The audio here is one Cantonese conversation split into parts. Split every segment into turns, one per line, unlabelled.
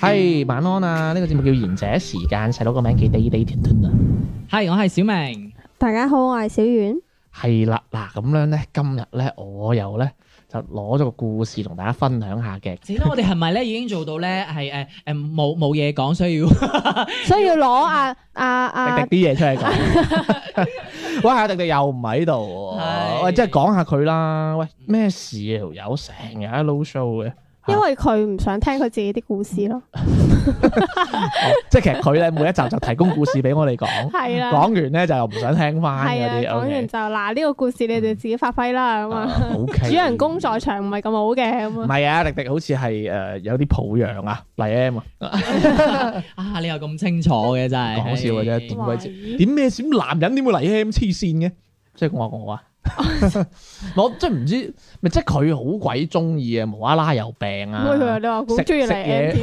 係晚安啊！呢個節目叫賢者時間，細佬個名叫地地團團啊。係我係小明，大家好，我係小婉。係啦，嗱咁樣咧，今日咧我又咧就攞咗個故事同大家分享下嘅。咁
我哋係咪咧已經做到咧係誒誒冇冇
嘢講，需要需
要攞阿阿阿
迪迪
啲嘢出嚟講？喂，阿迪迪又唔喺度，喂，即係講下佢啦。喂，咩事啊？有成日喺撈 show 嘅。因
為佢唔想聽佢自己啲故事咯、 哦，
即係其實佢咧每一集就提供故事俾我哋講， 的講完咧就又唔想聽翻嗰啲，講完
就嗱呢 Okay,、啊、個故事你哋自己發揮啦咁、嗯、啊，okay, 主人公在場唔係咁好嘅，咁唔係
啊，力迪好似係誒有啲抱養啊嚟 M 啊，啊你又咁清楚嘅？真係講笑嘅啫，點鬼咩點男人點會嚟 M 黐線嘅，即係講我啊。啊啊啊啊啊啊 我即係唔知，咪即係佢好鬼中意啊！無啦啦有病啊！食食嘢，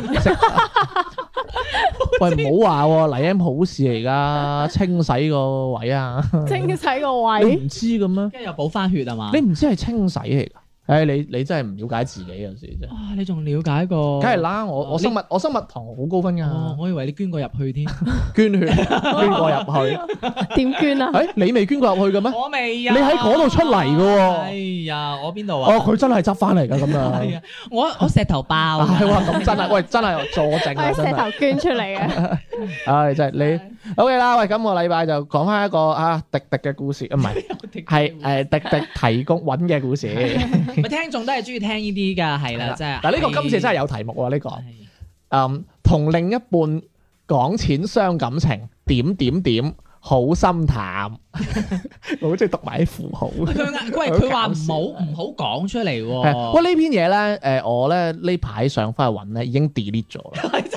喂，唔好話喎，嚟 M 好事嚟噶，清洗個位啊！清洗
個位， 你唔
知咁啊？跟住又補翻血呀嘛？你唔知係清洗嚟噶？誒，你你真係唔了解自己，有時真係。啊，你仲了解過？梗係啦，我我生物我生物堂好高分噶。哦，我以為你捐過入去添。捐血捐過入去。點捐啊？誒，你未捐過入去嘅咩？我
未呀。你喺嗰度出嚟嘅。哎呀，我邊度啊？哦，佢真係執翻嚟
嘅，咁啊。係啊。我我石頭爆。係咁真啊！喂，真係坐陣啊！石頭捐出嚟嘅。唉，真係你。O K 啦，喂，咁我禮拜就講翻一個啊，迪迪嘅故事啊，唔係，係，誒，迪迪提供穩嘅故事。
咪聽眾都係中意聽呢啲㗎，係啦了，真係的。嗱，呢個今次真係有題目
喎，呢個的，嗯，同另一半講錢傷感情，點點點，好心淡， 我好中意讀埋啲符號。唔
該，佢話唔好唔好講出嚟喎。喂，呢
篇嘢咧，誒，我咧呢排上翻去揾咧，已經 delete 咗啦。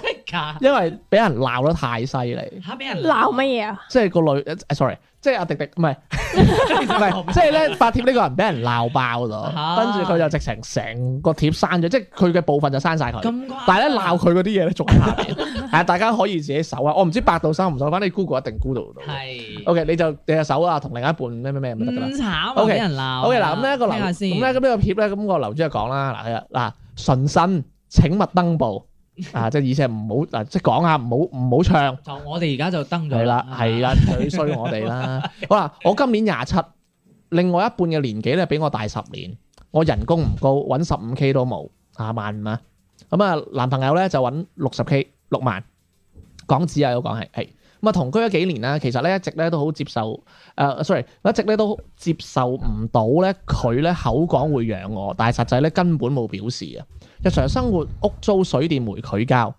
因為俾人鬧得太犀利，吓俾
人鬧乜嘢
啊？即係個女 sorry 即係阿迪迪唔係，唔係，即係咧發帖呢個人俾人鬧爆咗，跟住佢就直情成個貼刪咗，即係佢嘅部分就刪晒佢。咁但係咧鬧佢嗰啲嘢咧仲慘，係大家可以自己搜啊，我唔知百度搜唔搜，反正 Google 一定 Google
到。
係，OK，你就定下手啊，同另一半咩咩咩咪得㗎啦。咁慘啊！俾人鬧。OK，嗱咁咧個流咁咧咁呢個貼咧，咁個樓主就講啦，嗱佢啊嗱，信身請勿登報。啊！即係意思係唔好嗱，即係講下，唔好唔好唱。就我哋而家就登咗啦。係啦，係啦，佢衰我哋啦。好啦，我今年廿七，另外一半嘅年紀咧，比我大十年。我人工唔高，搵十五 k 都冇，萬五嘛。咁啊，啊，男朋友咧就搵六十 k，六萬港紙啊，我講係係。咁啊，同居咗幾年啦，其實咧一直咧都好接受，誒、啊、，sorry，一直咧都接受唔到咧佢咧口講會養我，但係實際咧根本冇表示啊。日常生活屋租水電煤佢交，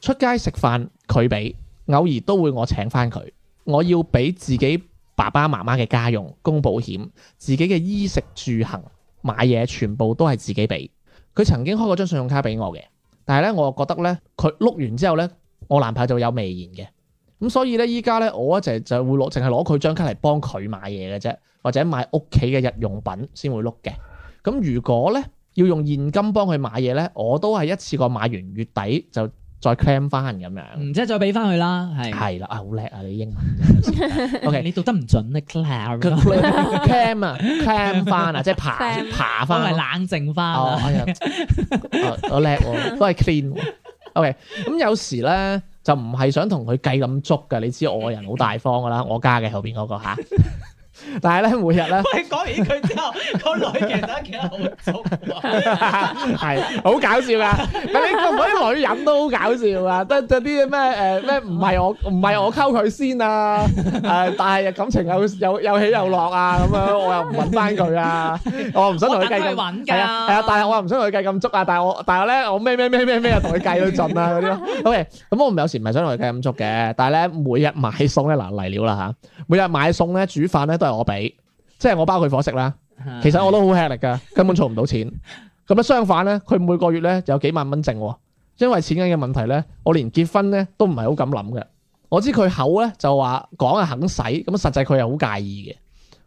出街食飯佢俾，偶爾都會我請翻佢。我要俾自己爸爸媽媽嘅家用，供保險，自己嘅衣食住行買嘢全部都係自己俾。佢曾經開過張信用卡俾我嘅，但係咧我就覺得咧佢碌完之後咧，我男朋友就會有微言嘅。咁所以咧依家咧我一就就會攞淨係攞佢張卡嚟幫佢買嘢嘅啫，或者買屋企嘅日用品先會碌嘅。咁如果咧，要用現金幫佢買嘢咧，我都係一次過買完，月底就再 clam 翻咁樣。唔、嗯、即係再俾翻佢啦，係。係啦，啊好叻啊你英文
時 ，OK 文你讀得唔準咧，clam 啊 clam
Cl 翻 Cl 啊，即係爬 Cl am, 爬翻嚟、啊，冷靜翻啊。哦、我叻喎、 啊，都係 clean。OK，咁有時咧就唔係想同佢計咁足噶，你知我人好大方噶啦，我加嘅後邊嗰、那個嚇。啊 但係咧，每日咧，講完佢之後，個 女其實其實好足啊， 係好搞笑噶。嗰啲女人都好搞笑啊！即係啲咩、誒咩唔係我唔係我溝佢先啊，但係感情又又又起又落啊咁樣，我又唔揾翻佢啊，我唔想同佢計，係啊係啊，但係我又唔想同佢計咁足啊，但係我但係咧我咩咩咩咩咩啊同佢計到盡啊嗰啲咯，ok 咁我唔有時唔係想同佢計咁足嘅，但係咧每日買餸咧嗱嚟料啦吓，每日買餸咧煮飯咧我俾，即係我包佢伙食啦。其實我都好吃力噶，根本儲唔到錢。咁樣相反呢，佢每個月呢就有幾萬蚊剩。因為錢嘅問題呢，我連結婚呢都唔係好敢諗嘅。我知佢口呢就話講係肯使，咁實際佢又好介意嘅。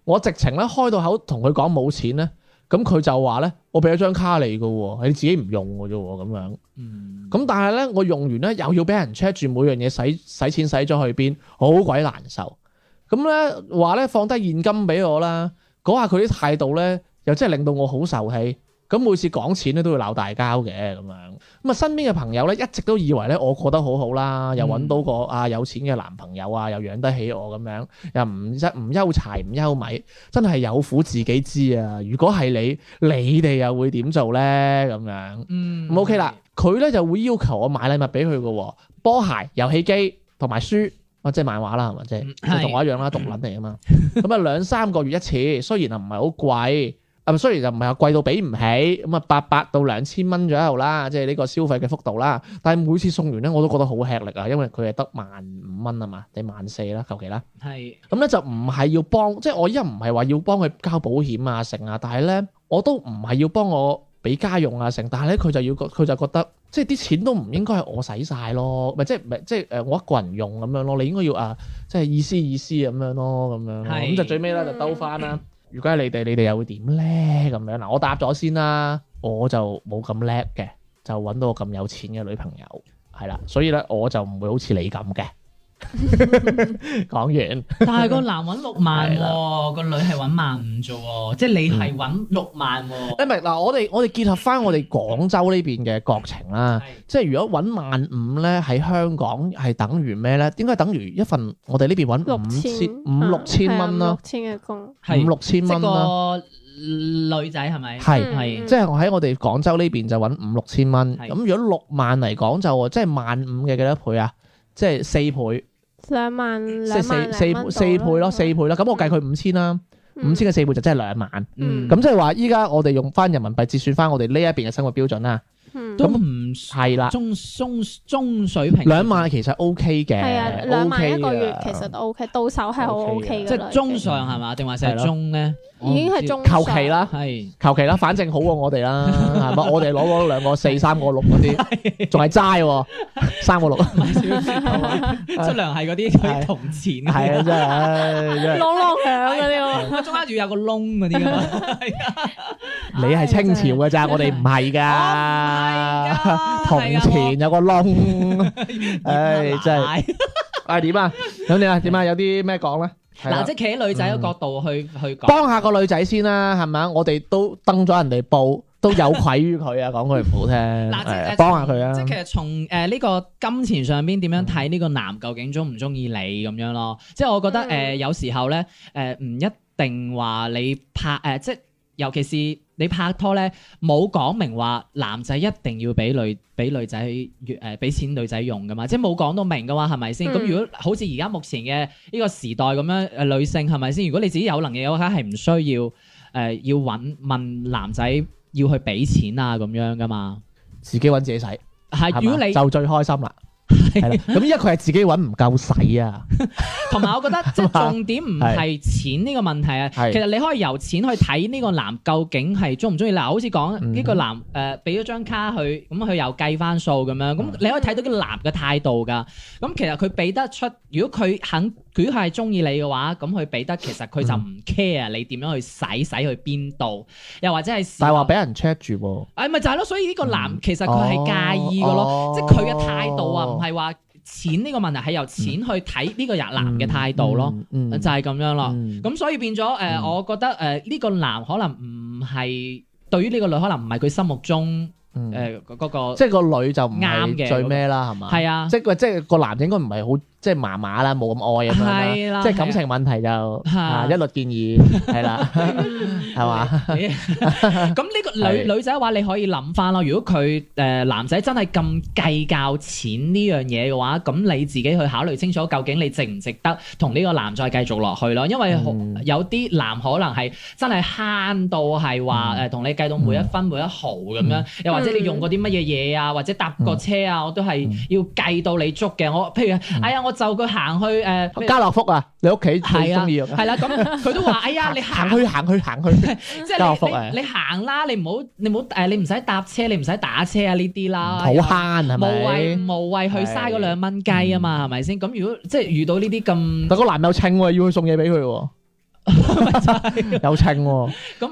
我直情咧開到口同佢講冇錢呢，咁佢就話呢：「我俾咗張卡你噶，你自己唔用噶啫咁樣。」咁但係呢，我用完呢又要俾人 check 住每樣嘢使使錢使咗去邊，好鬼難受。咁咧話咧放低現金俾我啦，嗰下佢啲態度咧，又真係令到我好受氣。咁每次講錢咧都會鬧大交嘅咁樣。咁啊身邊嘅朋友咧一直都以為咧我過得好好啦，又揾到個啊有錢嘅男朋友啊，又養得起我咁樣，又唔唔憂柴唔憂米。真係有苦自己知啊！如果係你，你哋又會點做咧？咁樣，嗯，OK 啦。佢咧就會要求我買禮物俾佢嘅波鞋、遊戲機同埋書。我、啊、即係漫畫啦，係咪即係同我一樣啦，獨卵嚟啊嘛，咁啊兩三個月一次，雖然啊唔係好貴，啊雖然就唔係話貴到俾唔起，咁啊八百到兩千蚊左右啦，即係呢個消費嘅幅度啦。但係每次送完咧，我都覺得好吃力啊，因為佢係得萬五蚊啊嘛，定萬四啦，求其啦。係咁咧就唔係要幫，即係是、嗯、我依家唔係話要幫佢交保險啊成啊，但係咧我都唔係要幫我。俾家用啊成，但係咧佢就要，佢就覺得即係啲錢都唔應該係我使晒咯，咪即係咪即係誒我一個人用咁樣咯，你應該要啊即係意思意思咁樣咯咁樣咯。咁是就最尾咧就兜翻啦。 如果係你哋，你哋又會點咧咁樣嗱？我答咗先啦，我就冇咁叻嘅，就搵到我咁有錢嘅女朋友係啦，所以咧我就唔會好似你咁嘅。講完，但係個
男揾六萬，個女係揾萬五啫。即係你係揾六萬。你
明嗱？我哋我哋結合翻我哋廣州呢邊嘅國情啦。即係如果揾萬五咧，喺香港係等於咩咧？點解等於一份我哋呢邊揾五千五六千蚊啦？五六
千嘅工，五六千蚊啦。個女仔係咪？係係，即係我
喺我哋廣州呢邊就揾五六千蚊。咁如果六萬嚟講，就即係萬五嘅幾多倍啊？即係四倍。
兩萬，即係四四四倍
咯，四倍咯。咁、嗯、我計佢五千啦，嗯、五千嘅四倍就真係兩萬。咁即係話，依家、嗯、我哋用翻人民幣折算翻我哋呢一邊嘅生活標準啦。都唔係啦，中
中中
水
平，兩萬其實 O K 嘅，係啊，兩萬一個月其實
都 O K，到手係好 O K 嘅，即係
中上係嘛，定話成中咧，已經係中上求其啦，係求其啦，反正好過我哋啦，係嘛，我哋攞咗兩個四三個六嗰啲，仲係齋三個六，
出糧係嗰啲嗰啲銅錢，係啊真係，啷啷響嗰啲，中間仲有個窿嗰啲，
你係清朝嘅咋，我哋唔係噶。係啊，銅錢有個窿，唉，真係，誒點啊？咁你啊點啊？有啲咩講咧？嗱，即係企
喺女仔嘅角度去去講，幫下個女
仔先啦，係咪啊？我哋都登咗人哋報，都有愧於佢啊，講句唔好聽，嗱，即係幫下佢啊。即係
其實從誒呢個金錢上邊點樣睇呢個男究竟中唔中意你咁樣咯？即係我覺得誒有時候咧誒唔一定話你拍誒即。尤其是你拍拖咧，冇講明話男仔一定要俾女俾女仔，誒、呃、俾錢女仔用噶嘛，即係冇講到明噶嘛，係咪先？咁、嗯、如果好似而家目前嘅呢個時代咁樣，誒、呃、女性係咪先？如果你自己有能力嘅話，係唔需要誒、呃、要揾問男仔要
去俾錢啊咁樣噶嘛，自己揾自己使，係嘛？如果你就最開心啦～係咁，依家佢係自己揾唔夠使啊，
同埋我覺得即係重點唔係錢呢個問題啊。其實你可以由錢去睇呢個男究竟係中唔中意嗱，好似講呢個男誒俾咗張卡佢，咁佢又計翻數咁樣，咁你可以睇到啲男嘅態度噶。咁其實佢俾得出，如果佢肯，如果佢係中意你嘅話，咁佢俾得，其實佢就唔 care 你點樣去使，使去邊度，又或者係。但係話俾人 check 住喎，哎咪就係咯，所以呢個男其實佢係介意嘅咯，即係佢嘅態度啊，唔係話錢呢個問題係由錢去睇呢個男嘅態度咯，嗯嗯嗯、就係咁樣咯。咁、嗯、所以變咗誒、嗯呃，我覺得誒呢個男可能唔係、嗯、對於呢個女可
能唔係佢心目中
誒嗰個即係個
女就唔啱嘅最咩啦，係嘛、嗰個？係吧啊，即係即係個男應該唔係好。即係麻麻啦，冇咁愛啊，的的即係感情問題就，就的、啊、一律建議係啦，係嘛？
咁呢 吧 個女女仔嘅話，你可以諗翻咯，如果佢誒男仔真係咁計較錢呢樣嘢嘅話，咁你自己去考慮清楚，究竟你值唔值得同呢個男再繼續落去咯？因為有啲男可能係真係慳到係話誒同你計到每一分每一毫咁樣，又、嗯、或者你用過啲乜嘢嘢啊，或者搭個車啊，嗯、我都係要計
到你足嘅。我
譬如哎呀我。就佢行去誒家樂
福啊！你屋企最中意啊，係啦，
咁佢都話：哎呀，你行去
行去行去，即係家樂福誒！你
行啦，你唔好你唔好誒，你唔使搭車，你唔使打車啊！呢啲啦，好慳係咪？無謂無謂去嘥嗰兩蚊雞啊嘛，係咪先？咁如果即係遇到呢啲咁，我個
男友稱喎，要佢送嘢俾佢喎，有稱喎，咁。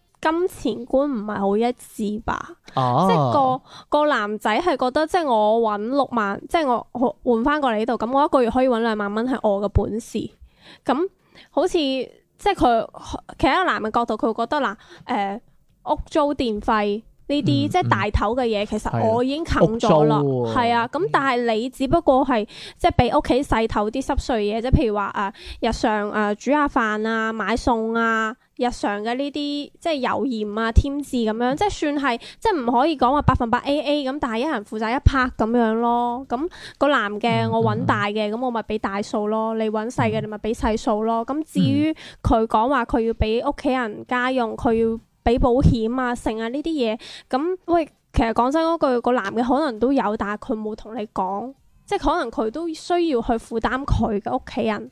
金錢觀唔係好一致吧？啊、即係個個男仔係覺得，即係我揾六萬，即係我換翻過嚟呢度，咁我一個月可以揾兩萬蚊係我嘅本事。咁、嗯、好似即係佢企喺個男嘅角度，佢會覺得嗱，誒、呃、屋租電費呢啲即係大頭嘅嘢，嗯、其實我已經冚咗啦，係啊。咁但係你只不過係即係俾屋企細頭啲濕碎嘢啫，即譬如話誒、啊、日常誒、啊、煮下飯啊、買餸啊。日常嘅呢啲即係油鹽啊、添置咁樣，即係算係即係唔可以講話百分百 AA 咁，但係一人負責一 part 咁樣咯。咁、個男嘅我揾大嘅，咁、嗯、我咪俾大數咯。你揾細嘅，你咪俾細數咯。咁至於佢講話佢要俾屋企人家用，佢要俾保險啊、剩啊呢啲嘢，咁喂，其實講真嗰句，個男嘅可能都有，但係佢冇同你講，即係可能佢都需要去負擔佢嘅屋企人。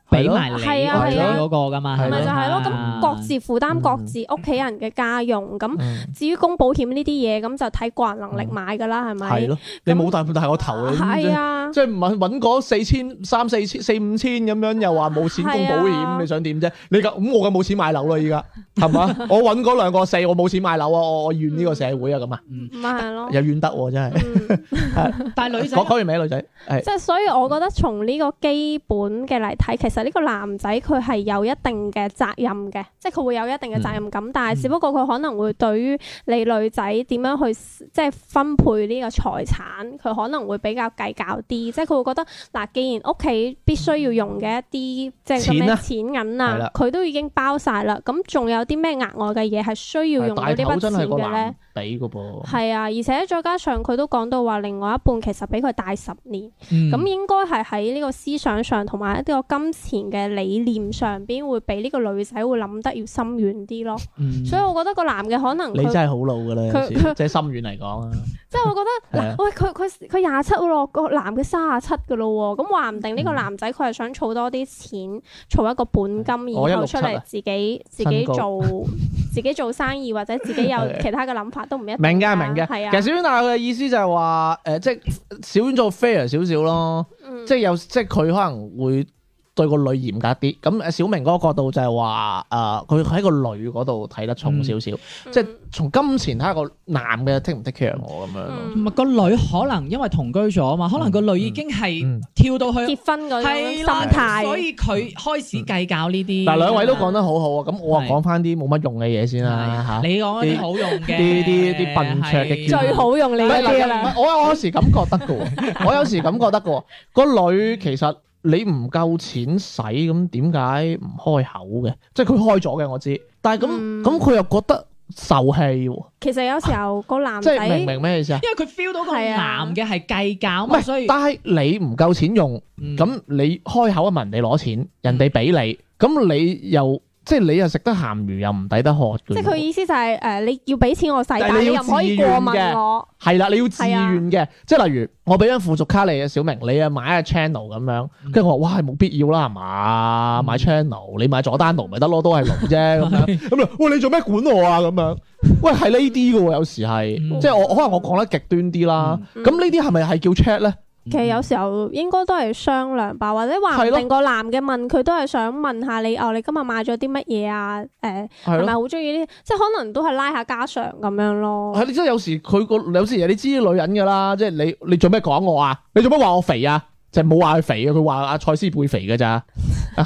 俾埋你，啊，攞咗嗰個㗎嘛，係咪就係
咯？咁
各自負擔各自屋企人嘅家用，咁至於供保險呢啲嘢，咁就睇個人能力買㗎啦，係咪？係
咯，你冇但但係我投頭啊，即係唔係揾嗰四千三四千四五千咁樣，又話冇錢供保險，你想點啫？你咁，我咁冇錢買樓啦，而家係嘛？我揾嗰兩個四，我冇錢買樓啊！我我怨呢個社會啊，咁啊，咪係咯，又怨得真係。
但係女仔講講完
未？女仔即係，
所以我覺得從呢個基本嘅嚟睇，其實。呢個男仔佢係有一定嘅責任嘅，即係佢會有一定嘅責任感，嗯、但係只不過佢可能會對於你女仔點樣去即係、就是、分配呢個財產，佢可能會比較計較啲，即係佢會覺得嗱，既然屋企必須要用嘅一啲即係咁嘅錢銀啊，佢、啊、的都已經包晒啦，咁仲有啲咩額外嘅嘢係需要用到呢筆錢嘅咧？
俾個噃，係
啊！而且再加上佢都講到話，另外一半其實比佢大十年，咁應該係喺呢個思想上同埋呢個金錢嘅理念上邊，會比呢個女仔會諗得要深遠啲咯。所以我覺得個男嘅可能，你真係好
老㗎啦，即係深遠嚟講
啊！即係我覺得，嗱，喂，佢佢佢廿七喎，個男嘅卅七㗎咯喎，咁話唔定呢個男仔佢係想儲多啲錢，儲一個本金，然後出嚟自己自己做自己做生意，或者自己有其他嘅諗法。明嘅，明嘅。是啊、其實小娟大，佢
嘅意思就係話，誒、呃，即係小娟做 fair 少少咯，嗯、即係有，即係佢可能會。對個女嚴格啲，咁小明嗰個角度就係話，誒，佢喺個女嗰度睇得重少少，即係從金錢睇個男嘅 take 唔 take care 我咁樣咯。
唔係個女可能因為同居咗啊嘛，可能個女已經係跳到去結婚嗰種心態，所以佢開始計較呢啲。但係，兩位都講
得好好啊，咁我話講翻啲冇乜用嘅嘢先啦吓。你講一啲好用嘅，啲啲笨卓嘅最好用呢啲。我我有時咁覺得嘅，我有時咁覺得嘅，個女其實。你唔夠錢使咁點解唔開口嘅？即係佢開咗嘅，我知。但係咁咁，佢、嗯、又覺得受氣喎。
其實有時候個男
仔、啊、即係明唔
明咩意思啊？因
為佢 feel 到個男嘅係計較嘛？唔係、啊所以，
但係你唔夠錢用，咁、嗯、你開口問人哋攞錢，人哋俾你，咁你又。即係你又食得鹹魚又唔抵得渴。即係佢
意思就係誒，你要俾錢我使，但你又唔可以過問我。
係啦，你要自願嘅。即係例如我俾張附屬卡你啊，小明，你啊買下 channel 咁樣。跟住我話，哇，冇必要啦，係嘛？買 channel，你買咗單爐咪得咯，都係爐啫。咁啊，喂，你做咩管我啊？咁樣，喂，係呢啲嘅喎，有時係，即係我可能我講得極端啲啦。咁呢啲係咪係叫 check 咧？
其實有時候應該都係商量吧，或者話唔定的個男嘅問佢都係想問下你哦，你今日買咗啲乜嘢啊？誒、呃，係咪好中意啲？的即係可能都係拉下家常咁樣咯。係，
即係有時佢個有時你知女人噶啦，即係你你做咩講我啊？你做咩話我肥啊？就冇話佢肥啊？佢話阿蔡思貝肥噶咋？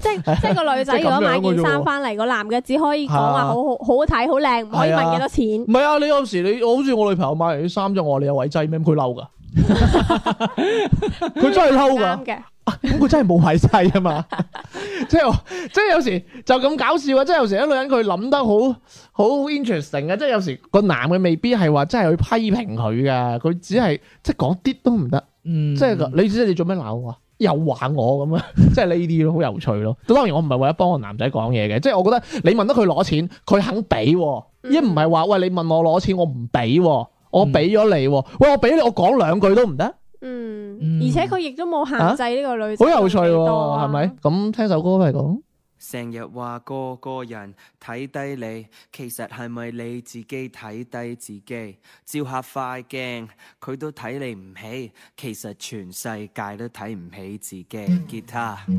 即係 即係個女仔如果買件衫翻嚟，個男嘅只可以講話好好好睇好靚，唔可以問幾多錢？
唔係啊！你有時你我好似我女朋友買嚟啲衫咗我你有位劑咩？咁佢嬲噶。佢 真係嬲噶，咁佢、啊、真係冇賣晒啊嘛！ 即係即係有時就咁搞笑啊！即係有時啲女人佢諗得好好 interesting 啊！即係有時個男嘅未必係話真係去批評佢噶，佢只係即係講啲都唔得，即係、嗯、你知你做咩鬧我？又玩我咁啊！ 即係呢啲咯，好有趣咯。當然我唔係為咗幫個男仔講嘢嘅，即係我覺得你問得佢攞錢，佢肯俾、啊，而唔係話喂你問我攞錢，我唔俾、啊。我俾咗你，嗯、喂，我俾你，我講兩句都唔得。嗯，而
且佢亦都冇限制呢個女、啊，仔好
有趣，係咪、啊？咁聽首歌嚟講，
成日話個個人睇低你，其實係咪你自己睇低自己？照下塊鏡，佢都睇你唔起，其實全世界都睇唔起自己。吉他。嗯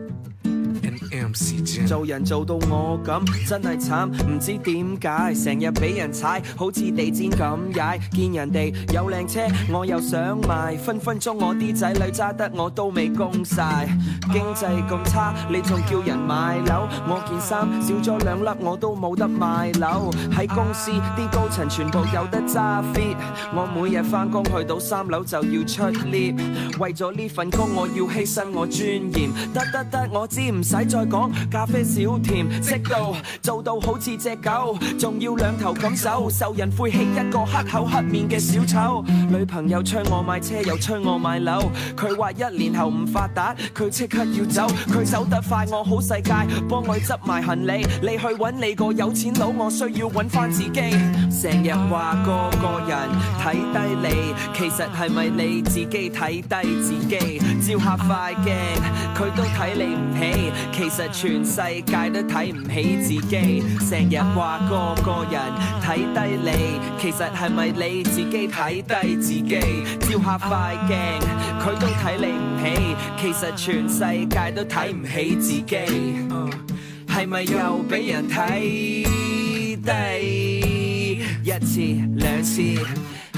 MC 做人做到我咁真係慘，唔知點解成日俾人踩，好似地氈咁踩。見人哋有靚車，我又想買。分分鐘我啲仔女揸得我都未供晒，經濟咁差，你仲叫人買樓？我件衫少咗兩粒，我都冇得買樓。喺公司啲高層全部有得揸 fit，我每日翻工去到三樓就要出 lift。為咗呢份工，我要犧牲我尊嚴。得得得，我知唔使再。再講咖啡少甜，識到做到好似隻狗，仲要兩頭錦手，受人晦氣一個黑口黑面嘅小丑。女朋友催我買車又催我買樓，佢話一年後唔發達，佢即刻要走。佢走得快，我好世界幫我執埋行李，你去揾你個有錢佬，我需要揾返自己。成日話個個人睇低你，其實係咪你自己睇低自己？照下塊鏡，佢都睇你唔起。其實全世界都睇唔起自己，成日話個個人睇低你，其實係咪你自己睇低自己？照下塊鏡，佢都睇你唔起。其實全世界都睇唔起自己，係咪又俾人睇低一次兩次？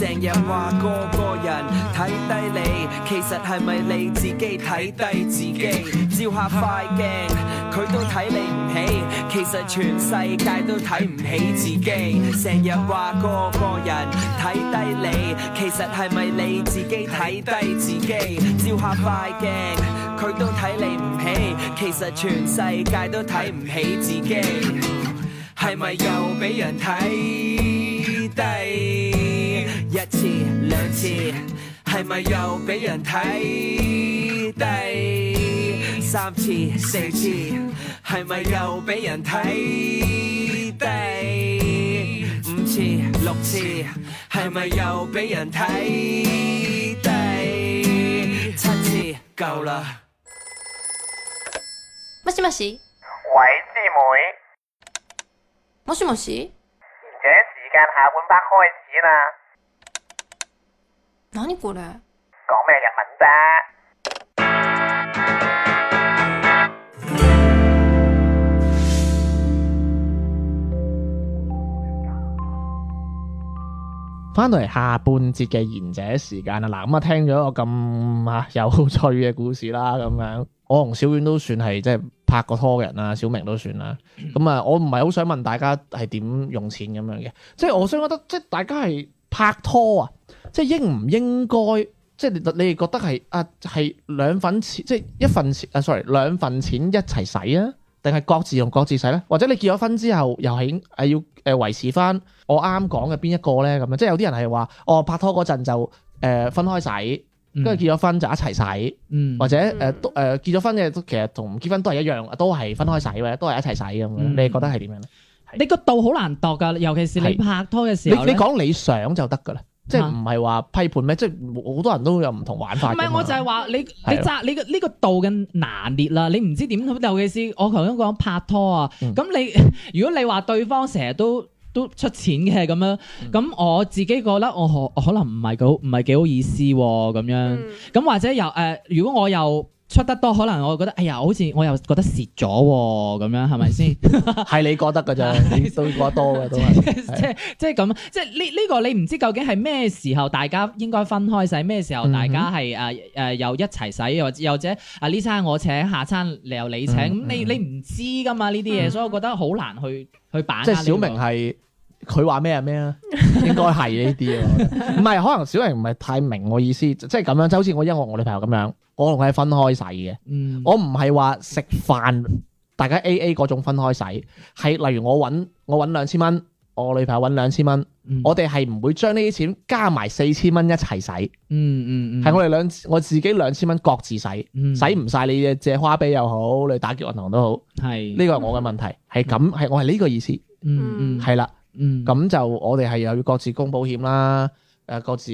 成日話個個人睇低你，其實係咪你自己睇低自己？照下塊鏡，佢都睇你唔起，其實全世界都睇唔起自己。成日話個個人睇低你，其實係咪你自己睇低自己？照下塊鏡，佢都睇你唔起，其實全世界都睇唔起自己。係咪又俾人睇低？兩次，係咪又俾人睇低？三次，四次，係咪又俾人睇低？五次，六次，係咪又俾人睇低？七次夠啦。
乜事？乜事？
喂，師妹。師妹，
乜事？冇事。
而且時間下半 p a 開始啦。講咩入名啫？翻到嚟下半節嘅賢者時間啊，嗱咁啊，聽咗一個咁有趣嘅故事啦，咁樣我同小婉都算係即係拍過拖嘅人啦，小明都算啦，咁啊， 我唔係好想問大家係點用錢咁樣嘅，即係我想覺得即係大家係拍拖啊。即係應唔應該，即係你你哋覺得係啊，係兩份錢，即係一份錢啊，sorry，兩份錢一齊使啊，定係各自用各自使咧？啊，或者你結咗婚之後又係啊要誒維持翻我啱講嘅邊一個咧？咁樣即係有啲人係話，我、哦、拍拖嗰陣就誒、呃、分開使，跟住結咗婚就一齊使，嗯、或者誒誒、呃、結咗婚嘅其實同唔結婚都係一樣，都係分開使嘅，都係一齊使咁樣。嗯、你哋覺得係點樣咧？
你個度好難度噶，尤其是你拍拖嘅時候你講
你理想就得噶啦。即係唔係話批判咩？即係好多人都有唔同玩法。唔係，我就係話
你，是的 你就你嘅，呢個道德嘅拿捏啦。你唔知點，尤其是我頭先講拍拖啊。咁、嗯、你如果你話對方成日都都出錢嘅咁樣，咁我自己覺得我可可能唔係幾唔係幾好意思咁、啊、樣。咁、嗯、或者又誒、呃，如果我又。出得多可能我覺得，哎呀，好似我又覺得蝕咗喎，咁樣係咪先？係 你覺得㗎咋？ 你
覺得都過多嘅都
係。即即咁，即呢呢個你唔知究竟係咩時候大家應該分開使，咩時候大家係誒誒又一齊使，又或者啊呢餐我請，下餐由你請，咁、嗯、你你唔知噶嘛呢啲嘢，嗯、所以我覺得好難去
去把握、這個。即小明係。佢話咩啊咩啊，應該係呢啲啊，唔係，可能小人唔係太明我意思，即係咁樣，就好、是、似我，因為我女朋友咁樣，我同佢係分開使嘅，嗯，我唔係話食飯大家 A A 嗰種分開使，係例如我搵我搵兩千蚊，我女朋友搵兩千蚊，嗯、我哋係唔會將呢啲錢加埋四千蚊一齊使、嗯，
嗯嗯嗯，係我
哋兩我自己兩千蚊各自使，使唔晒你嘅借花唄又好，你打劫銀行都好，係是，呢個係我嘅問題，係咁係我係呢個意思，嗯嗯，係、嗯、啦。嗯嗯嗯，咁就我哋係又要各自供保險啦，誒，各自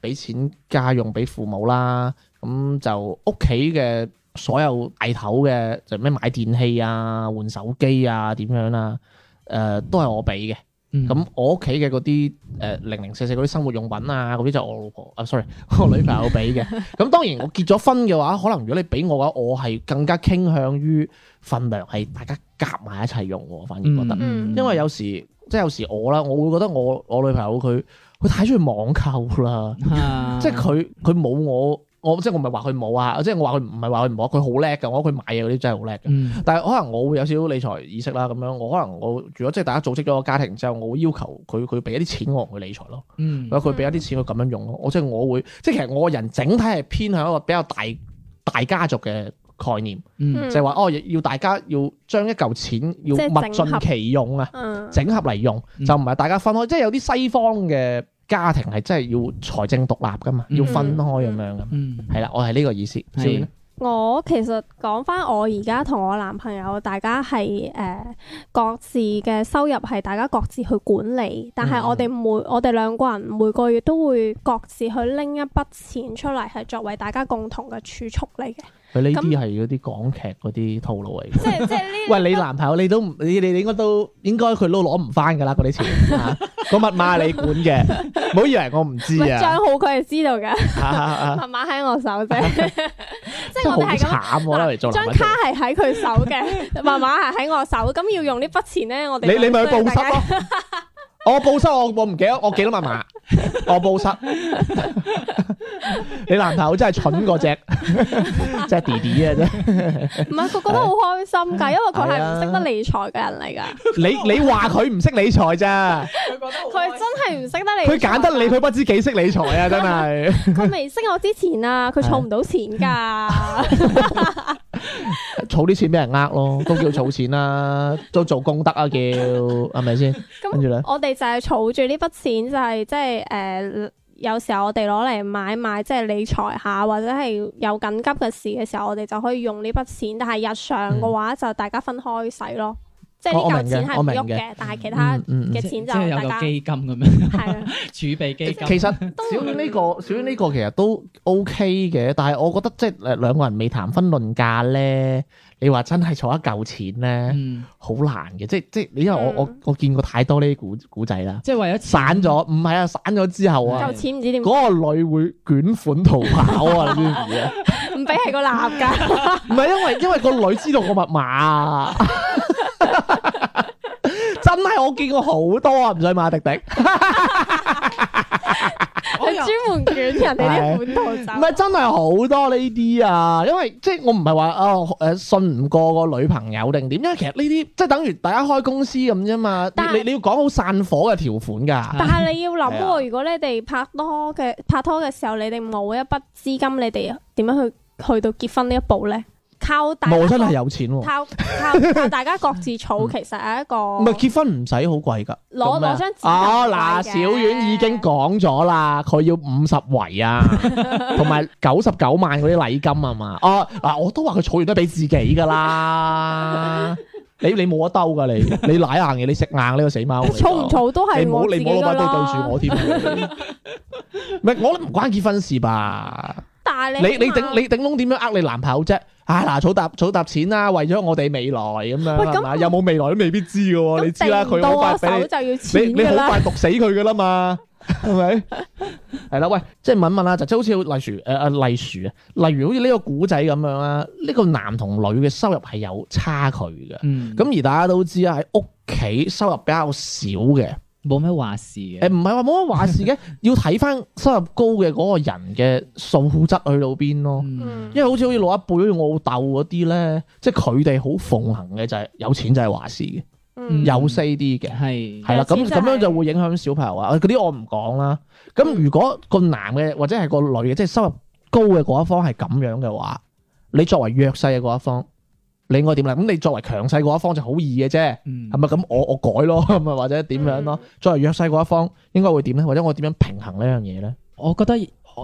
俾錢家用俾父母啦，咁就屋企嘅所有大頭嘅就咩買電器啊、換手機啊點樣啦，誒，都係我俾嘅。咁、嗯、我屋企嘅嗰啲誒零零四四嗰啲生活用品啊，嗰啲就我老婆啊，sorry，我女朋友俾嘅。咁 當然我結咗婚嘅話，可能如果你俾我嘅話，我係更加傾向於份量，係大家夾埋一齊用，我反而覺得，嗯嗯、因為有時。即係有時我啦，我會覺得我我女朋友佢佢太中意網購啦， 即係佢佢冇我我即係我咪話佢冇啊，即係我話佢唔係話佢冇，佢好叻㗎，我覺得佢買嘢嗰啲真係好叻嘅。嗯、但係可能我會有少少理財意識啦，咁樣我可能我如果即係大家組織咗個家庭之後，我會要求佢佢俾一啲錢我去理財咯，佢俾、嗯、一啲錢佢咁樣用咯。嗯、我即係我會即係其實我個人整體係偏向一個比較大大家族嘅概念，嗯、就係話哦，要大家要將一嚿錢要物盡其用啊，整合嚟，嗯、用就唔係大家分開，嗯、即係有啲西方嘅家庭係真係要財政獨立噶嘛，嗯、要分開咁樣咁，係啦，嗯嗯，我係呢個意思。
的我其實講翻，我而家同我男朋友，大家係誒、呃、各自嘅收入係大家各自去管理，但係我哋每、嗯、我哋兩個人每個月都會各自去拎一筆錢出嚟，係作為大家共同嘅儲蓄嚟嘅。佢呢啲係
嗰啲港劇嗰啲套路嚟嘅。即即係呢？喂，你男朋友你都唔，你你應該都應該佢都攞唔翻噶啦嗰啲錢，個密碼係你管嘅，唔好以為我唔知啊。賬
號佢係知道嘅，密碼喺我手啫。即係我哋
係咁。張卡
係喺佢手嘅，密碼係喺我手。咁要用呢筆錢咧，我哋你你咪去報失咯。
我報失，我我唔記得，我記得密碼，我報失。你男朋友真係蠢嗰隻，即 係弟弟啊，真係。唔係佢覺得好
開心噶，因為佢係唔識得理財嘅人嚟噶。
你你話佢唔識理財咋？
佢覺得佢真係唔識得理。佢揀得
你，佢不知幾識理財啊！真係。佢
未識我之前啊，佢儲唔到錢噶。
儲啲 錢俾人呃咯，都叫儲錢啦、啊， 都做功德啊，叫係咪先？咁 跟住咧，
我哋就係儲住呢筆錢、就係，就係即係誒、呃，有時候我哋攞嚟買賣，即係理財下，或者係有緊急嘅事嘅時候，我哋就可以用呢筆錢。但係日常嘅話，就大家分開使咯。嗯即係呢嚿錢係喐嘅，我明嘅，我明嘅。但係其他嘅錢就有個基金咁樣，係
儲備基金。其實
少於呢個，少於呢個其實都 OK 嘅。但係我覺得即係誒兩個人未談婚論嫁咧，你話真係坐一嚿錢咧，好難嘅。即係即係，因為我我我見過太多呢啲古古仔啦。即係為咗散咗，唔係啊，散咗之後啊，嚿錢唔知點嗰個女會捲款逃跑啊！你知唔 知啊，
唔俾係個男噶，
唔係因為因為個女知道個密碼啊。 真係我見過好多啊，唔使買滴滴，
係專門捲人哋啲款逃走。
唔係 對 真係好多呢啲啊，因為即係我唔係話啊誒信唔過個女朋友定點，因為其實呢啲即係等於大家開公司咁啫嘛。但是你你要講好散伙嘅條款噶。但係你要諗喎，
對如果你哋拍拖嘅拍拖嘅時候，你哋冇一筆資金，你哋點樣去去到結婚呢一步咧？靠大，我真係有錢喎、啊。靠靠，靠大家各自儲，其實係一個。唔
係 結婚唔使好貴噶。攞攞張紙。哦，嗱、啊，小婉已經講咗啦，佢要五十圍啊，同埋九十九萬嗰啲禮金啊嘛。哦、啊、嗱、啊，我都話佢儲完都俾自己噶啦。你你冇得兜噶你，你舐硬嘅，你食硬呢、呢個死貓儲唔儲都係我自你冇老攞都刀對住我添。唔我都唔關結婚事吧。你你頂你頂籠點樣呃你男朋友啫？啊嗱，儲搭儲搭錢啦，為咗我哋未來咁啊，係咪？有冇未來都未必知嘅喎，那你知啦，佢好快俾你,你，你你好快毒死佢嘅啦嘛，係咪？ 係啦，喂，即係問一問啊，就即係好似例如誒誒，例如啊，例如好似呢個古仔咁樣啊，呢、呢個男同女嘅收入係有差距嘅，咁、嗯、而大家都知啦，喺屋企收入比較少嘅。冇咩話事嘅，誒唔係話冇乜話事嘅， 要睇翻收入高嘅嗰個人嘅素質去到邊咯，嗯、因為好似好似老一輩，我老豆嗰啲咧，即係佢哋好奉行嘅就係、是、有錢就係話事嘅，嗯、有勢啲嘅係，係啦咁咁樣就會影響小朋友啊，嗰啲我唔講啦。咁如果個男嘅或者係個女嘅，嗯、即係收入高嘅嗰一方係咁樣嘅話，你作為弱勢嘅嗰一方，你應該點啦？咁你作為強勢嗰一方就好易嘅啫，嗯，係咪咁我我改咯，咁啊或者點樣咯？作為弱勢嗰一方，應該會點咧？或者我點樣平衡呢樣嘢咧？我覺得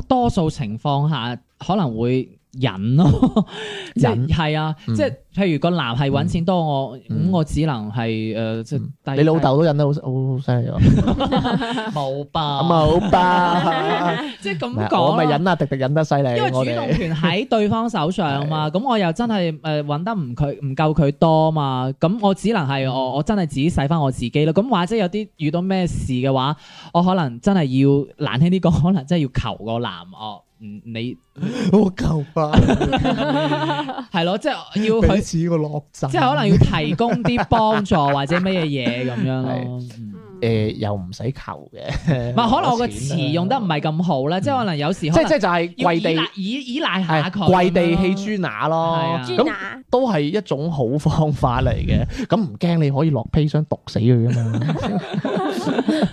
多數情況下可能會。忍咯，即係啊，即係譬如個男係揾錢多我，咁我只能係誒即係。但你老豆
都忍得好，好犀利。
冇吧？冇吧？即係咁講我咪忍啊，
迪迪忍得犀利。因為主動權
喺對方手上嘛，咁我又真係誒揾得唔佢唔夠佢多嘛，咁我只能係我我真係自己使翻我自己咯。咁或者有啲遇到咩事嘅話，我可能真係要難聽啲講，可能真係要求個男我。嗯，你好舊吧？係 咯 Ben Challenge，即係要彼
此個落枕， 即係可能要提
供啲幫助
或者乜嘢嘢咁樣咯。誒、呃，又唔使求嘅，唔係可能我個詞用得唔係咁好咧，嗯、即係可能有時即係即係就係跪地
倚倚賴下佢跪地氣豬
乸咯，豬乸、啊、都係一種好方法嚟嘅，咁唔驚你可以落砒霜毒死佢噶嘛，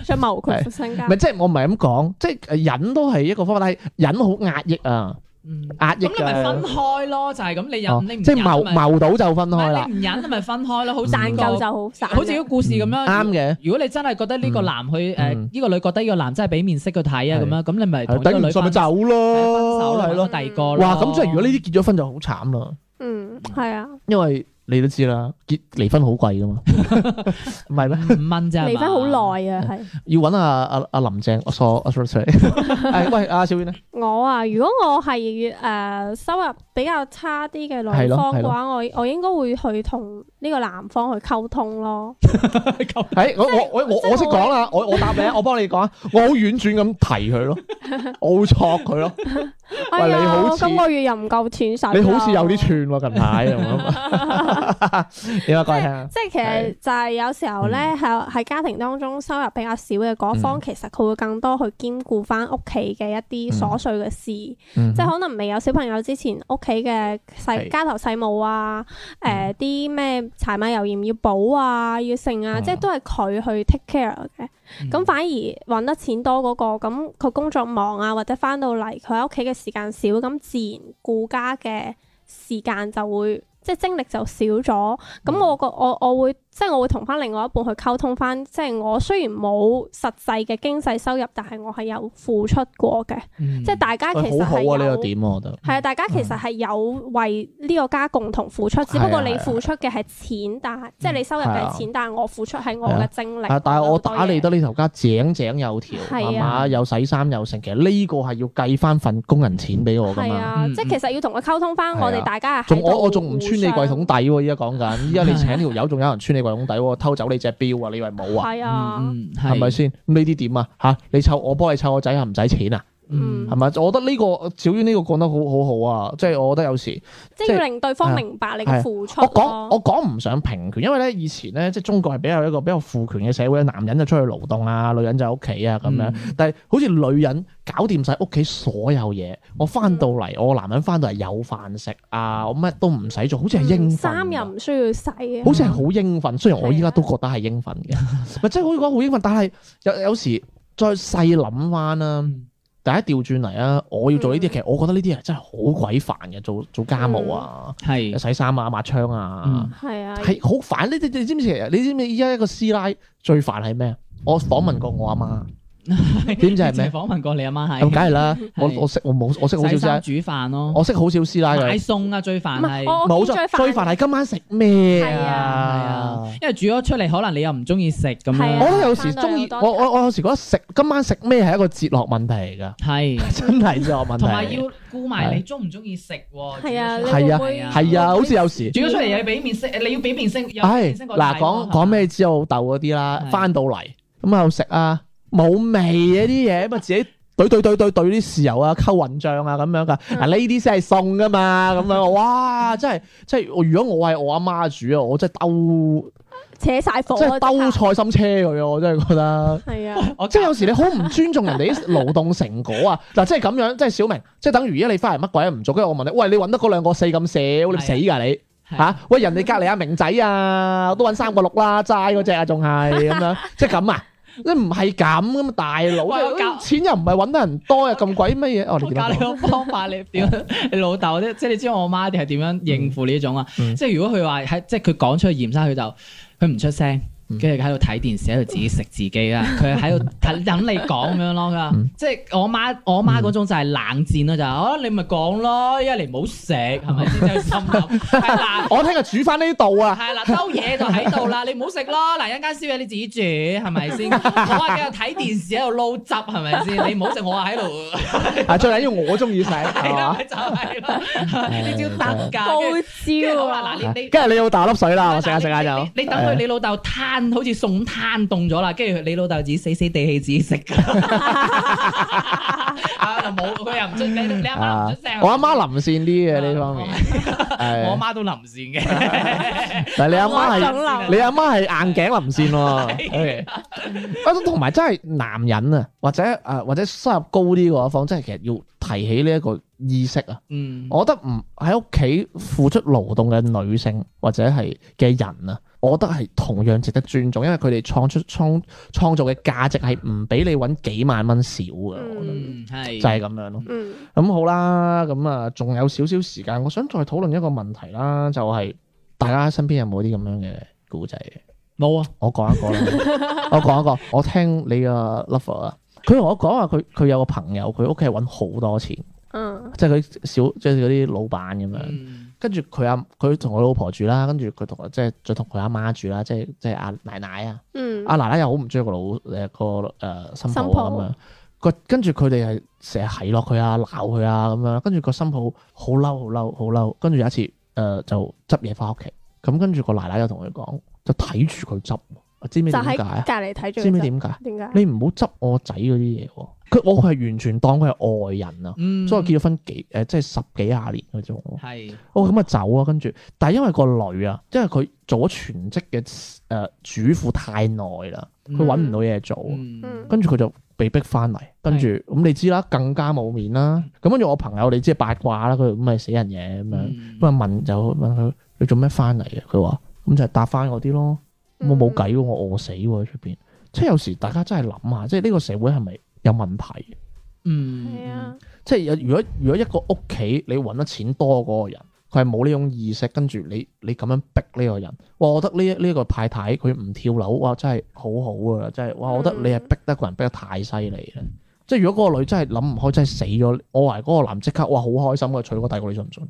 想謀
佢身家，唔係即
係我唔係咁講，即係忍都係一個方法，係忍好壓抑啊。嗯，壓抑。咁你咪分
開咯，就係咁，你忍，你唔即係謀謀到就分開啦。唔忍，你咪分開咯，好難救就好，好似個故事咁樣。啱嘅。如果你真係覺得呢個男去誒，呢個女覺得呢個男真係俾面色佢睇啊，咁樣，咁你咪同呢個女分手
咯，搵個第二個。哇，咁即係如果你呢啲結咗婚就好慘啦。嗯，
係啊。因
為。你都知啦，結離婚好貴噶嘛，唔係咩？五蚊咋？離婚好
耐啊，係。
要揾阿阿阿林鄭，我錯喂阿小婉啊。
我啊，如果我係誒收入比較差啲嘅女方嘅話，我我應該會去同呢個男方去溝通咯。
我我我我我識講啦，我我答你，我幫你講，我好婉轉咁提佢咯，我錯佢咯。
喂，你好。我今個月又唔夠錢使。你好似有啲
串喎，近排。點啊！講嚟聽啊！
即係其實就係有時候咧，喺喺、嗯、家庭當中收入比較少嘅嗰方，嗯、其實佢會更多去兼顧翻屋企嘅一啲瑣碎嘅事。嗯、即係可能未有小朋友之前，屋企嘅細家頭細務啊，誒、嗯，啲咩、呃、柴米油鹽要補啊，要剩啊，嗯、即係都係佢去 take care 嘅。咁、嗯、反而搵得錢多嗰、嗰個，咁佢工作忙啊，或者翻到嚟佢喺屋企嘅時間少，咁自然顧家嘅時間就會。即係精力就少咗，咁我個我我會。即係我會同翻另外一半去溝通翻，即係我雖然冇實際嘅經濟收入，但係我係有付出過嘅。即係大家其實係好過你又點？我覺得係啊，大家其實係有為呢個家共同付出，只不過你付出嘅係錢，但係即係你收入嘅係錢，但係我付出係我嘅精力。但係我打理得呢
頭家井井有條，係嘛？有洗衫有剩，其實呢個係要計翻份工人錢俾我㗎嘛。即係
其實要同佢溝通翻，我哋大家
係我我仲唔穿你櫃桶底？依家講緊，依家你請條友仲有人穿你。兄弟，偷走你隻表啊！你以為冇啊？係咪先？呢啲點啊？吓，你湊我幫你湊個仔係唔使錢啊？嗯，係咪？我覺得呢、這個小淵呢個講得好好好啊！即係我覺得有時即係要令對方明
白你嘅付出。我講
我講唔想平權，因為咧以前咧即係中國係比較一個比較父權嘅社會，男人就出去勞動啊，女人就喺屋企啊咁樣。但係好似女人搞掂晒屋企所有嘢，嗯、我翻到嚟，嗯、我男人翻到嚟有飯食啊，我乜都唔使做，好似係應、嗯。
衫又唔需要洗嘅，好似係
好應份，雖然我依家都覺得係應份嘅，咪即係好似講好應份。但係有有時再細諗翻啦。嗯第一調轉嚟啊！我要做呢啲，嗯、其實我覺得呢啲係真係好鬼煩嘅，做做家務啊，係、嗯、洗衫啊、抹窗啊，係、嗯、啊，係好煩。你知知你知唔知你知唔知依家一個師奶最煩係咩？我訪問過我阿媽，媽。嗯點就係咩？訪問過你阿媽
係，咁梗係啦。我我
識我冇我識好少師奶煮
飯咯，我識
好少師奶嘅。買
餸啊，最煩係，冇係好
在最煩係今晚食咩啊？因為
煮咗出嚟可能你又唔
中意食咁樣。我咧有時中意，我我我有時覺得食今晚食咩係一個哲學問題嚟噶，係真係哲學問題。同埋
要顧埋你中唔中意食喎。係啊，係啊，係啊，
好似有時煮咗出嚟又
要俾面色。你要俾面色。係嗱，講講
咩？之後豆嗰啲啦，翻到嚟咁又食啊。冇味啊，啲嘢咁啊，自己兌兌兌兌兌啲豉油啊溝，混，混醬啊咁樣噶。嗱呢啲先係餸㗎嘛，咁樣哇，真係即係如果我係我阿媽煮啊，我真係兜扯晒火啊，兜菜心車佢，我真係覺得係 啊，即係有時你好唔尊重人哋啲勞動成果啊。嗱 即係咁樣，即係小明，即係等如而家你翻嚟乜鬼嘢唔做，跟住我問你，喂，你揾得嗰兩個四咁少你死㗎你嚇？喂，人哋隔離阿明仔啊，我都揾三個六啦，齋嗰隻啊仲係咁樣，啊、即係咁啊你唔係咁㗎嘛，大佬！錢又唔係揾得人多呀咁鬼乜嘢？我哋教你個方法，你
點？你老豆啫，即係你知我媽定係點樣應付呢種啊？嗯、即係如果佢話喺，嗯、即係佢講出去嫌生，佢就佢唔出聲。跟住喺度睇電視，喺度自己食自己啦。佢喺度等你講咁樣咯，佢即係我媽，我媽嗰種就係冷戰啦，就你咪講咯，因為你唔好食，係咪先係心
諗。係啦，我聽日煮翻呢啲度啊。係啦，兜嘢就喺度啦，
你唔好食咯。嗱，一間燒嘢你自己煮，係咪先？我啊喺度睇電視喺度撈汁，係咪先？你唔好食，我啊喺度。
最緊要我中意食，係嘛？就係
你只得噶高燒啊。嗱，你你跟
住你老豆粒水啦，我食下食下就。你等佢你
老豆好似餸攤凍咗啦，跟住你老豆自己死死地氣自己食噶，啊冇佢又唔你你阿媽唔出聲，我阿
媽腍善啲嘅呢方面，我阿媽
都腍善嘅，但係你阿媽係你阿媽係硬頸腍善喎，同埋
真係男人啊，或者啊或者收入高啲嘅一方，真係其實要。提起呢一個意識啊、嗯，我覺得唔喺屋企付出勞動嘅女性或者係嘅人啊，我覺得係同樣值得尊重，因為佢哋創出創創造嘅價值係唔俾你揾幾萬蚊少嘅，嗯、我覺
得就，就係咁樣咯。
咁、嗯、好啦，咁啊，仲有少少時間，我想再討論一個問題啦，就係、是、大家身邊有冇啲咁樣嘅古仔？冇啊，我講一個 我講一個，我聽你嘅 lover 啊。佢同我講話，佢佢有個朋友，佢屋企係揾好多錢，嗯，即係佢小，即係嗰啲老闆咁樣。嗯、跟住佢阿佢同我老婆住啦，跟住佢同即係再同佢阿媽住啦，即係即係阿奶奶啊，嗯，阿、啊、奶奶又好唔中意個老誒、個誒新抱咁樣。個跟住佢哋係成日係落佢啊，鬧佢啊咁樣。跟住個新抱好嬲，好嬲，好嬲。跟住有一次誒、呃、就執嘢返屋企，咁跟住個奶奶又同佢講，就睇住佢執。知唔知點解啊？隔離睇住，知唔知點解？點解？你唔好執我仔嗰啲嘢喎！佢、哦、我係完全當佢係外人啊！嗯、所以係結咗婚幾誒，即係十幾廿年嗰種。係是。哦，咁啊走啊！跟住，但係因為個女啊，因為佢做咗全職嘅誒主婦太耐啦，佢揾唔到嘢做，跟住佢就被逼翻嚟。跟住咁你知啦，更加冇面啦。咁跟住我朋友，你知係八卦啦，佢咁咪死人嘢咁樣。咁啊、嗯、問就問佢：你做咩翻嚟啊？佢話：咁就係答翻我啲咯。我冇計喎，我餓死喎喺出邊。即係有時大家真係諗下，即係呢個社會係咪有問題？嗯，啊、即係如果如果一個屋企你揾得錢多嗰個人，佢係冇呢種意識，跟住你你咁樣逼呢個人，哇！我覺得呢一呢一個太太佢唔跳樓，哇！真係好好噶啦，真係哇！我覺得你係逼得個人逼得太犀利啦。嗯、即係如果嗰個女真係諗唔開，真係死咗，我懷疑嗰個男即刻，哇，好開心我娶個大哥，你信唔信？」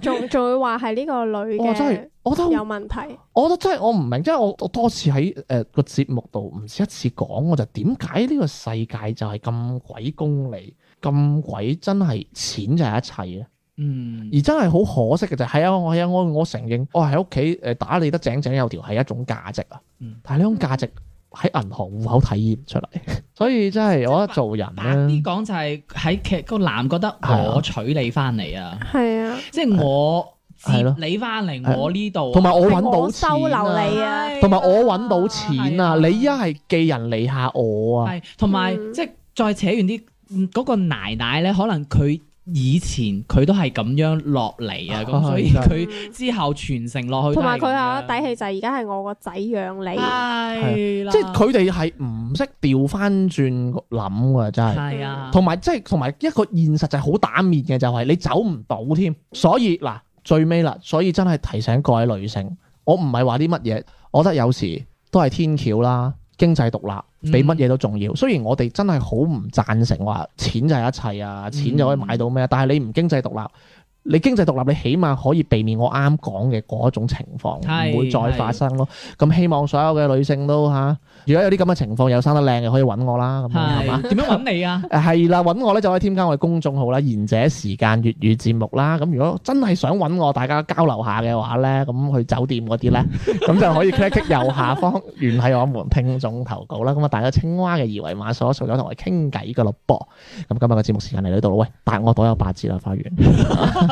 仲仲會話係呢個女嘅，我覺得有問題。
我覺得真係我唔明，即係我我多次喺誒、呃、個節目度唔止一次講，我就點解呢個世界就係咁鬼功利，咁鬼真係錢就係一切咧。嗯，而真係好可惜嘅就係、是、啊，啊，啊，我係啊，我我承認，我喺屋企誒打理得井井有條係一種價值啊。值，嗯，但係呢種價值。喺銀行戶口體驗出嚟，所以真係我覺得做人咧，白啲講
就係喺劇個男覺得我娶你翻嚟啊，
係啊，即係我係咯，
你翻嚟我呢度，同埋我搵到錢啊，同
埋我搵到錢啊，你依家係寄人籬下我啊，係
同埋即係再扯遠啲，嗰個奶奶咧，可能佢。以前佢都係咁樣落嚟啊，咁所以
佢之後傳承落去，同埋佢有個
底氣就係而家係我個仔養你，係啦，即
係佢哋係唔識調翻轉諗噶，真係。係啊，同埋即係同埋一個現實就係好打面嘅，就係、是、你走唔到添。所以嗱，最尾啦，所以真係提醒各位女性，我唔係話啲乜嘢，我覺得有時都係天橋啦，經濟獨立。比乜嘢都重要。雖然我哋真係好唔贊成話，錢就係一切啊，錢就可以買到咩？但係你唔經濟獨立。你經濟獨立，你起碼可以避免我啱講嘅嗰種情況唔是會再發生咯。咁希望所有嘅女性都嚇、啊，如果有啲咁嘅情況，有生得靚嘅可以揾我啦。係，點樣揾你啊？係啦，揾我呢就可以添加我嘅公眾號啦，《賢者時間粵語節目》啦。咁如果真係想揾我，大家交流下嘅話呢，咁去酒店嗰啲呢，咁 就可以 click 右下方聯繫 我們聽眾投稿啦。咁啊，大家青蛙嘅二維碼數，數咗同我傾偈噶咯噃。咁今日嘅節目時間嚟到啦，喂，但我袋有八字啦，花、uh, 園。